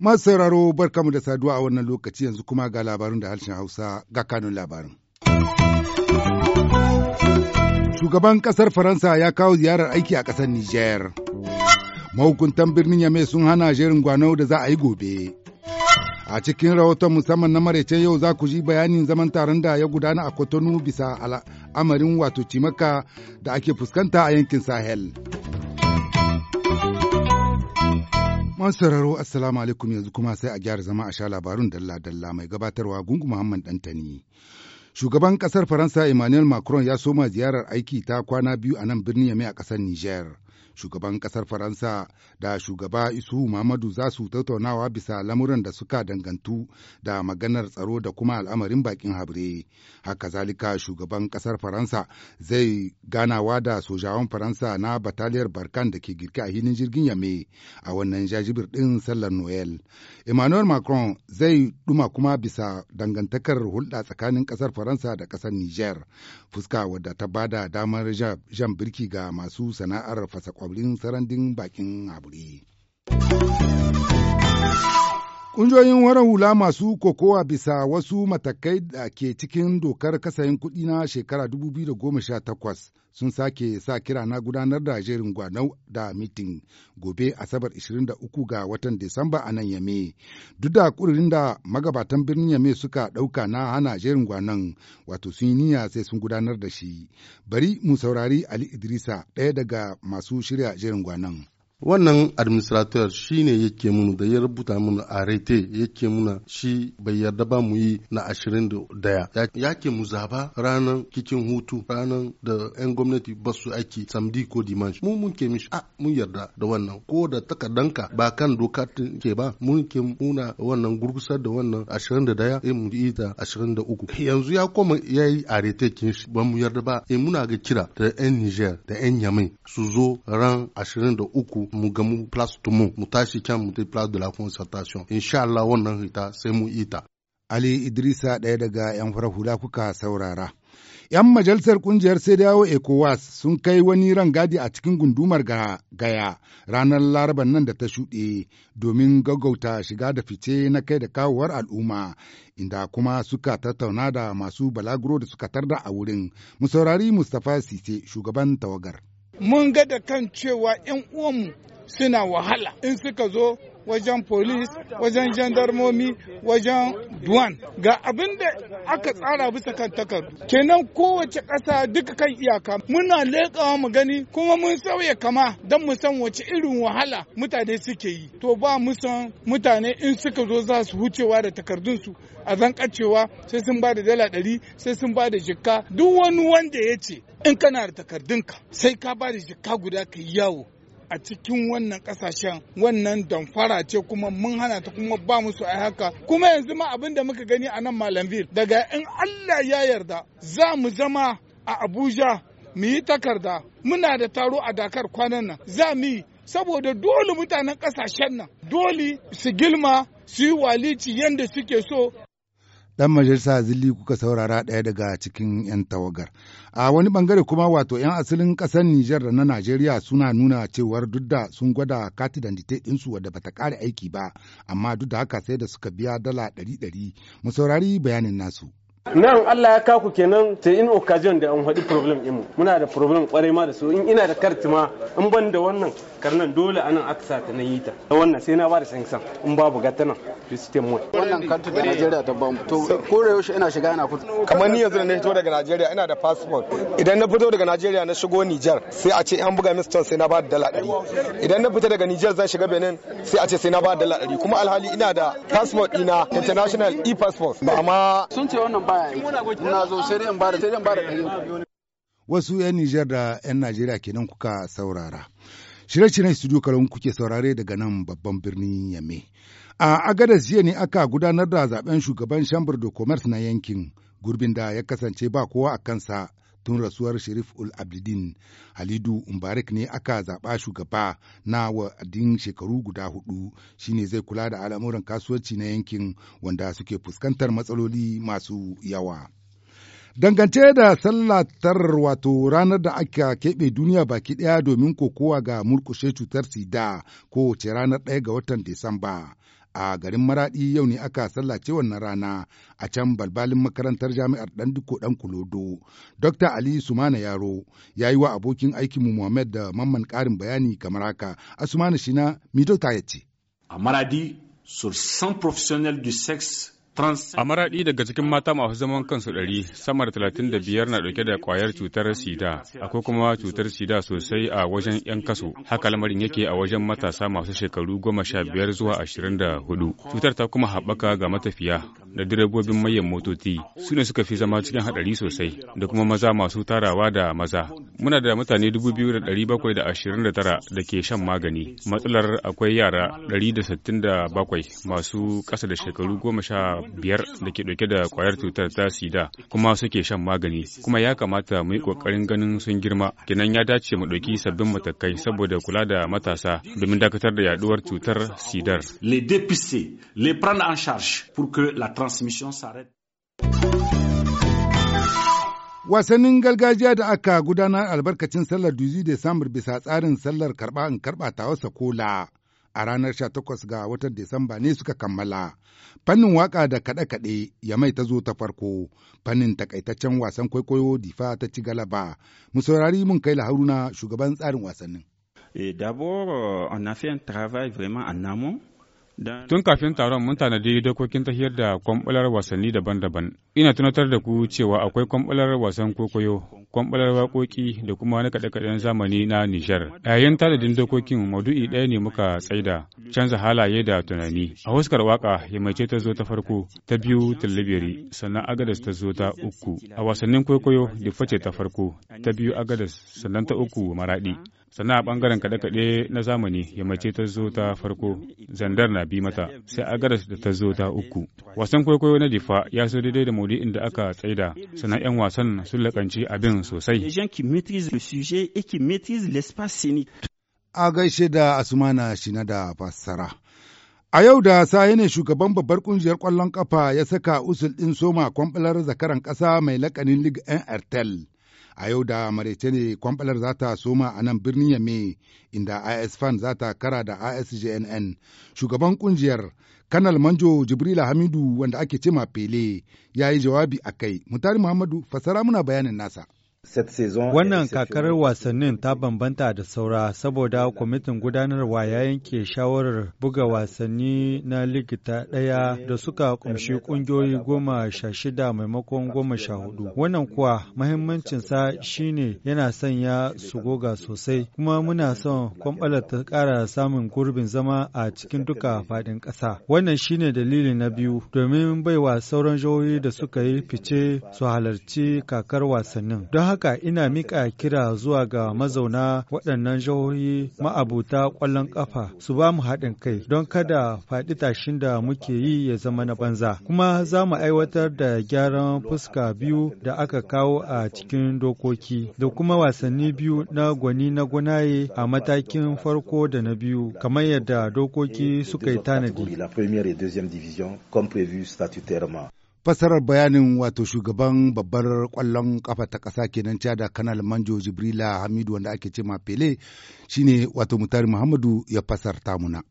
masu sauraro barkamu da saduwa a wannan lokaci yanzu kuma ga labarin da harshen hausa ga kanun labarin shugaban ƙasar faransa ya kawo ziyarar aiki a ƙasar niger mahukuntan birnin yame sun hana jerin gwanau da za a yi gobe A cikin rahoton musamman na maraicen yau za ku ji bayanin zaman taron da ya gudana a Kotonu bisa al'amarin wato cimaka da ake fuskanta a yankin Sahel. Masu sauraro Assalamu alaikum yanzu kuma sai a gyara zama a sha labarun dalla-dalla mai gabatarwa Gungu Muhammad Dantani. Shugaban kasar Faransa Emmanuel Macron ya soma ziyarar aiki ta kwana biyu a nan birnin Yame a kasar Niger. shugaban kasar faransa da shugaba isu muhammadu za su tattaunawa bisa lamuran da suka dangantu da maganar tsaro da kuma al'amarin bakin habre haka zalika shugaban kasar faransa zai ganawa da sojawan faransa na bataliyar barkan da ke girke a hilin jirgin yame a wannan jajibir din sallar noel emmanuel macron zai duma kuma bisa dangantakar hulɗa tsakanin kasar faransa da kasar niger fuska wadda ta bada damar jan birki ga masu sana'ar fasa oblin sarandin bakin aburi Ƙungiyoyin waran hula masu kokowa bisa wasu matakai da ke cikin dokar kasayin kuɗi na shekara 2018 sun sake sa kira na gudanar da jerin gwanau da mitin gobe Asabar 23 ga watan Disamba a nan Yame. Duk da ƙudurin da magabatan birnin Yame suka ɗauka na hana jerin gwanan wato sun yi niyya sai sun gudanar da shi. Bari mu saurari Ali Idrisa ɗaya daga masu shirya jerin gwanan wannan administrator shi ne yake munu da ya rubuta mun a rete yake muna shi bai yarda ba mu yi na ashirin da daya yake mu zaba ranar kicin hutu ranar da yan gwamnati ba su aiki samdi ko dimanshi mu mun ke mishi a ah, mun yarda da wannan ko da takardanka ba kan doka ke ba mun ke muna wannan gurgusar da wannan ashirin da daya mu yi ta ashirin da uku yanzu ya koma ya yi a rete kin shi ba mu yarda ba eh, muna ga kira da yan niger da yan yamai su zo ran ashirin da uku mu ga place mu tashi can mu place de la concertation insha Allah wannan hita sai mu ita Ali Idrisa ɗaya daga 'yan farahula kuka saurara. 'Yan majalisar kungiyar sai dawo ECOWAS sun kai wani ran gadi a cikin gundumar gaya ranar laraban nan da ta shuɗe domin gaggauta shiga da fice na kai da kawowar al'umma, inda kuma suka tattauna da masu balaguro da suka tarda a wurin. musaurari Mustapha Sise, shugaban tawagar. mun ga da kan cewa 'yan uwanmu suna wahala in suka zo wajen polis wajen jandarmomi wajen duwan ga abin da aka tsara bisa kan takardu kenan kowace ƙasa duka kan iyaka muna leƙawa mu gani kuma mun sauya kama don mu san wace irin wahala mutane suke yi to ba mu san mutane in suka zo za su hucewa da takardunsu a zankacewa sai sun ba da dala ɗari sai sun ba da jikka duk wani wanda ya ce in kana da takardunka sai ka ba da jikka guda ka yi yawo a cikin wannan kasashen wannan damfara ce kuma mun hana ta kuma ba musu ai haka kuma yanzu ma abin da muka gani a nan malamville daga in Allah ya yarda za mu zama a Abuja mu yi takarda muna da taro a Dakar kwanan nan za mu yi saboda dole mutanen kasashen nan dole su gilma su yi walici yadda suke so ɗan majalisa zilli kuka saurara ɗaya daga cikin 'yan tawagar. A wani ɓangare kuma wato 'yan asalin ƙasar Nijar da na Najeriya suna nuna cewar duk da sun gwada kati dantite ɗinsu wadda bata ƙare aiki ba, amma duk da haka sai da suka biya dala ɗari ɗari. Mu saurari bayanin nasu. nan Allah ya kaku kenan ta in occasion da an haɗi problem ɗinmu muna da problem kwarai ma da su in ina da karti ma in ban da wannan karnan dole anan aka ta nan yi ta wannan sai na ba da san in babu gata nan system one wannan karti da Najeriya ta ban to ko yau ina shiga ina fito kamar ni yanzu da na fito daga Najeriya ina da passport idan na fito daga Najeriya na shigo Niger sai a ce an buga min sai na ba da dala 100 idan na fita daga Niger zan shiga Benin sai a ce sai na ba da dala 100 kuma alhali ina da passport ina international e passport amma sun ce wannan wasu 'yan Nijar da 'yan Najeriya kenan kuka saurara. Shirye-shiryen studio kalon kuke saurare daga nan babban birnin Yame. A Agadas jiya ne aka gudanar da zaben shugaban shambar da Commerce na yankin gurbin da ya kasance ba kowa a kansa tun rasuwar Sharif ul abidin Halidu Mubarak ne aka zaɓa shugaba na wa'adin shekaru guda hudu shine zai kula da al'amuran kasuwanci na yankin wanda suke fuskantar matsaloli masu yawa. Dangance da sallatar wato ranar da aka keɓe duniya baki ɗaya domin kokowa ga murkushe cutar sida kowace ranar ɗaya ga watan Disamba. a garin maradi yau ne aka sallace wannan rana a can balbalin makarantar jami'ar ɗan diko ɗan kulodo. Dr. Ali Sumana Yaro ya yi wa abokin aikin mu Muhammad da mamman ƙarin bayani kamar haka. sumana Shina, na dokta ya ce. A Maradi, sur 100 professionnels du sexe A maraɗi daga cikin mata masu zaman kansu ɗari, sama da talatin da biyar na ɗauke da kwayar cutar sida, akwai kuma cutar sida sosai a wajen 'yan kaso. Haka lamarin yake a wajen matasa masu shekaru goma sha biyar zuwa ashirin da hudu. Cutar ta kuma haɓaka ga matafiya da direbobin mayan motoci, su ne suka fi zama cikin haɗari sosai, da kuma maza masu tarawa da maza. Muna da mutane dubu biyu da ɗari bakwai da ashirin da tara da ke shan magani. Matsalar akwai yara ɗari da sittin da bakwai masu ƙasa da shekaru goma sha biyar da ke ɗauke da kwayar cutar ta sida kuma suke shan magani kuma ya kamata mu yi kokarin ganin sun girma kenan ya dace mu ɗauki sabbin matakai saboda kula da matasa domin dakatar da yaduwar cutar sidar. Les dépister, les prendre en charge pour que la transmission s'arrête. Wasannin gargajiya da aka gudanar albarkacin sallar Duzi Desambar bisa tsarin sallar karba in karɓa ta wasa kola. a ranar 18 ga watan Disamba ne suka kammala. Fannin waƙa da kaɗe-kaɗe ya mai ta zo ta farko, fannin takaitaccen wasan kwaikwayo Difa ta ci galaba. Mu saurari mun kai Haruna shugaban tsarin wasannin. Eh, d'abord, euh, on a fait un travail vraiment en amont. Tun kafin taron mun tanadi dokokin tafiyar da kwambular wasanni daban-daban. Ina tunatar da ku cewa akwai kwamɓalar wasan kokoyo, kwambular waƙoƙi da kuma na kaɗe-kaɗen zamani na Nijar. Yayin tanadin dokokin maudu'i ɗaya ne muka tsaida, canza halaye da tunani. A huskar waƙa yamace ta zo ta farko, ta biyu tilibiri, sannan agadas ta zo ta uku. A wasannin kwaikwayo ce ta farko, ta biyu agadas, sannan ta uku maraɗi. sannan a bangaren kaɗe-kaɗe na zamani ya mace ta zo ta farko zandar na bi mata sai a agaras da ta zo ta uku wasan kwaikwayo na difa ya so daidai da maudu'in inda aka tsaida sannan 'yan wasan sun lakanci abin sosai a gaishe da asumana shina da fassara A yau da saye ne shugaban babbar kungiyar ƙwallon kafa ya saka usul din soma kwamɓalar zakaran kasa mai lakanin Ligue 'yan a yau da maraice ne kwamfalar za ta soma a nan birnin yamme inda is fan za ta kara da isjnn shugaban kungiyar kanal manjo jibril hamidu wanda ake ma pele ya yi jawabi a kai mutari muhammadu fasara muna bayanin nasa Wannan kakar wasannin ta bambanta da saura saboda kwamitin gudanarwa ya yanke shawarar buga wasanni na ta ɗaya da suka kumshi ƙungiyoyi goma sha shida maimakon goma sha hudu. Wannan kuwa mahimmancinsa shine yana sanya su goga sosai kuma muna son kwamɓala ta ƙara samun gurbin zama a cikin duka faɗin ƙasa. Wannan shine dalili na biyu domin baiwa sauran jihohi da suka yi fice su halarci kakar wasannin. Don haka ina mika kira zuwa ga mazauna waɗannan jihohi ma'abuta ƙwallon ƙafa su ba mu haɗin kai don kada faɗi tashin da muke yi ya zama na banza. Kuma za mu aiwatar da gyaran fuska biyu da aka kawo a cikin dokoki da kuma wasanni biyu na gwani na gwanaye a matakin farko da na biyu kamar yadda dokoki suka yi tanadi. fasarar bayanin wato shugaban babbar kwallon kafa ta ƙasa kenan da kanal manjo jibrila hamidu wanda ake ce ma pele shine wato mutari muhammadu ya fasarta muna.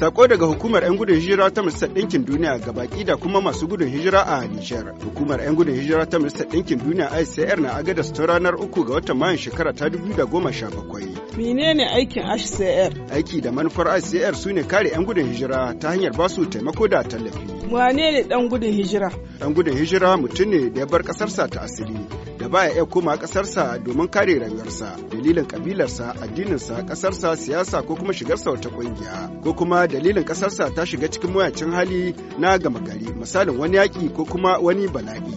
Sako daga hukumar 'yan gudun hijira ta Majalisar Ɗinkin Duniya ga baki da kuma masu gudun hijira a Nijar. Hukumar 'yan gudun hijira ta Majalisar Ɗinkin Duniya ICR na agada ta ranar uku ga watan Mayun shekara ta bakwai. Menene aikin ICR? Aiki da manufar ICR su ne kare 'yan gudun hijira ta hanyar ba su taimako da tallafi. Wane ne ɗan gudun hijira? Ɗan gudun hijira mutum ne da ya bar ƙasarsa ta asiri. baya iya koma kasarsa domin kare rayuwarsa dalilin ƙabilarsa addininsa kasarsa siyasa ko kuma shigarsa wata ƙungiya ko kuma dalilin kasarsa ta shiga cikin mayacin hali na gama gari misalin wani yaƙi ko kuma wani bala'i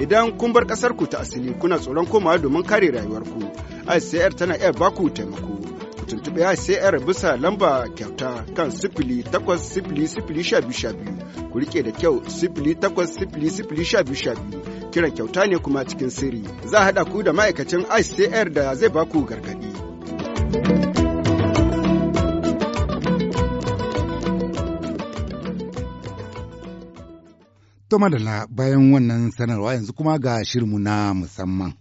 idan kun bar ƙasarku ta asali kuna tsoron komawa domin kare rayuwarku ICR tana iya baku taimako ku tuntuɓe ICR bisa lamba kyauta kan sifili takwas sifili sifili sha biyu sha biyu ku riƙe da kyau sifili takwas sifili sifili sha biyu sha biyu Kiran kyauta ne kuma cikin sirri. Za a haɗa ku da ma'aikacin ICR da zai baku gargaɗi. To madalla bayan wannan sanarwa yanzu kuma ga shirmu na musamman.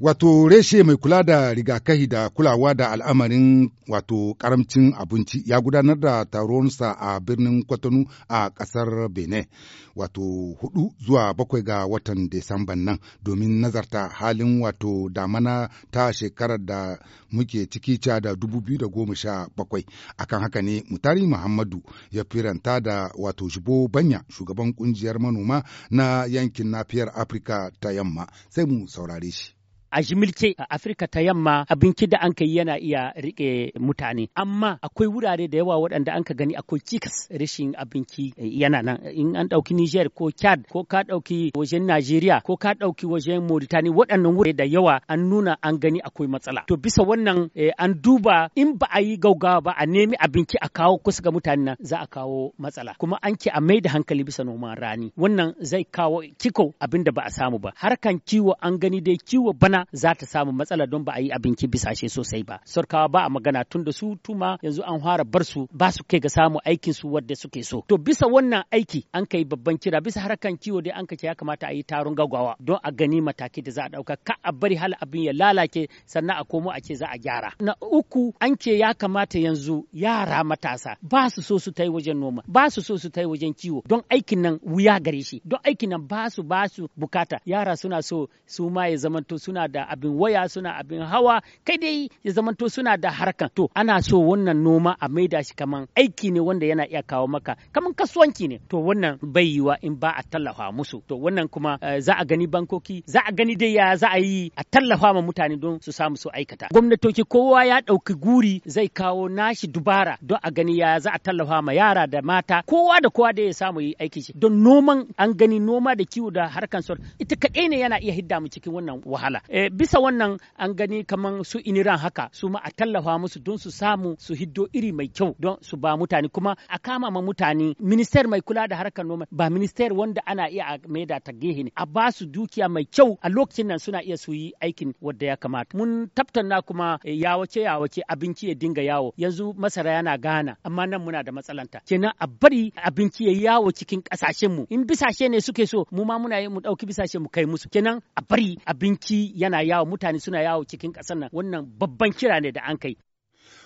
Wato reshe mai kula da rigakahi da kulawa da al'amarin wato karamcin abinci ya gudanar da taronsa a birnin Kwatano a kasar Benin, wato hudu zuwa bakwai ga watan Desamban nan domin nazarta halin wato damana ta shekarar da muke ciki ca da dubu biyu da goma sha bakwai Akan haka ne Mutari Muhammadu ya firanta da wato Shibo Banya shugaban kungiyar manoma na yankin nafiyar Afirka ta yamma sai mu saurare shi. a jimilce a Afirka ta yamma abin da an kai yana iya rike mutane amma akwai wurare da yawa waɗanda an ka gani akwai cikas rashin abinci eh, yana nan in an ɗauki Niger ko Chad ko ka ɗauki wajen Najeriya ko ka ɗauki wajen Mauritania waɗannan wurare da yawa an nuna an gani akwai matsala to bisa wannan eh, an duba in ba a yi gaugawa ba a nemi abinci a kawo kusa ga mutane nan za a kawo matsala kuma an ce a mai da hankali bisa noman rani wannan zai kawo kiko abin da ba a samu ba harkan kiwo an gani dai kiwo bana za ta samu matsala don ba a yi abinci bisashe sosai ba sarkawa ba a magana tun da su tuma yanzu an fara bar su ba su kai ga samu aikin su wadda suke so to bisa wannan aiki an kai babban kira bisa harkan kiwo dai an kace ya kamata a yi taron gaggawa don a gani mataki da za a dauka ka a bari hal abin ya lalace sannan a komo a ce za a gyara na uku an ce ya kamata yanzu yara matasa ba su so su tai wajen noma ba su so su tai wajen kiwo don aikin nan wuya gare shi don aikin nan ba su ba su bukata yara suna so su ma ya zamanto suna da abin waya suna abin hawa kai dai ya zamanto suna da harkan to ana so wannan noma a maida shi kaman aiki ne wanda yana iya kawo maka kaman kasuwanci ne to wannan bai yiwa in ba a tallafa musu to wannan kuma eh, za a gani bankoki za a gani dai ya za a yi a tallafa ma mutane don su samu su aikata gwamnatoci kowa ya ɗauki guri zai kawo nashi dubara don a gani ya za a tallafa ma yara da mata kowa da kowa da ya samu yi aiki shi don noman an gani noma da kiwo da harkan sor ita kaɗai ne yana iya hidda mu cikin wannan wahala eh, bisa wannan an gani kamar su iniran haka su ma a tallafa musu don su samu su hiddo iri mai kyau don su ba mutane kuma a kama ma mutane minister mai kula da harkar noma ba minister wanda ana iya a maida ta gehe ne a ba su dukiya mai kyau a lokacin nan suna iya su yi aikin wadda ya kamata mun tabtanna kuma eh, ya wace ya wace abinci ya dinga yawo yanzu masara yana gana amma nan muna da matsalanta kenan a bari abinci ya yawo cikin kasashen mu in bisashe ne suke so mu ma muna yi mu dauki bisashe mu kai musu kenan a bari abinci ya yana yawo mutane suna yawo cikin ƙasar nan wannan babban kira ne da an kai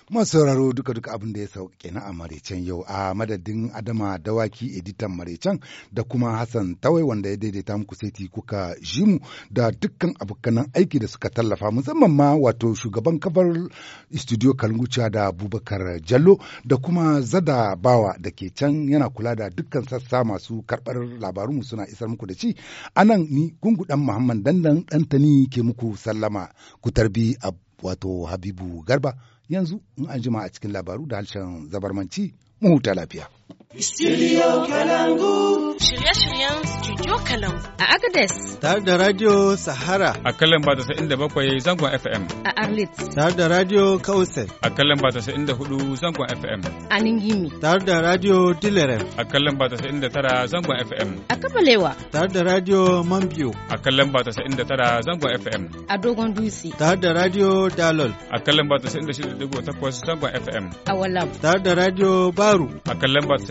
masu sauraro duka duka abin da ya sauke na a maraicen yau a madadin adama dawaki editan maraicen da kuma hassan tawai wanda ya daidaita muku saiti kuka jimu mu da dukkan abokanan aiki da suka tallafa musamman ma wato shugaban kafar studio kalnguca da abubakar jallo da kuma zada bawa da ke can yana kula da dukkan sassa masu karɓar labarunmu suna isar muku da ci a nan ni dan muhammad dandan tani ke muku sallama ku tarbi wato habibu garba yanzu in an jima a cikin labaru da harshen zabarmanci mu huta lafiya. Studio Kalangu. Shirye-shiryen Studio Kalangu. A Agadez. Tare da Radio Sahara. A kalan ba da bakwai zangon FM. A Arlit. Tare da Radio Kausai. A kalan ba da hudu zangon FM. A Ningimi. Tare da Radio Dileren. A kalan ba da tara zangon FM. A Kabalewa. Tare da Radio Mambio. A kalan ba da tara zangon FM. A Dogon Dutse. Tare da Radio Dalol. A kalan ba da shida takwas zangon FM. A Walam. Tare da Radio Baru. A kalan ba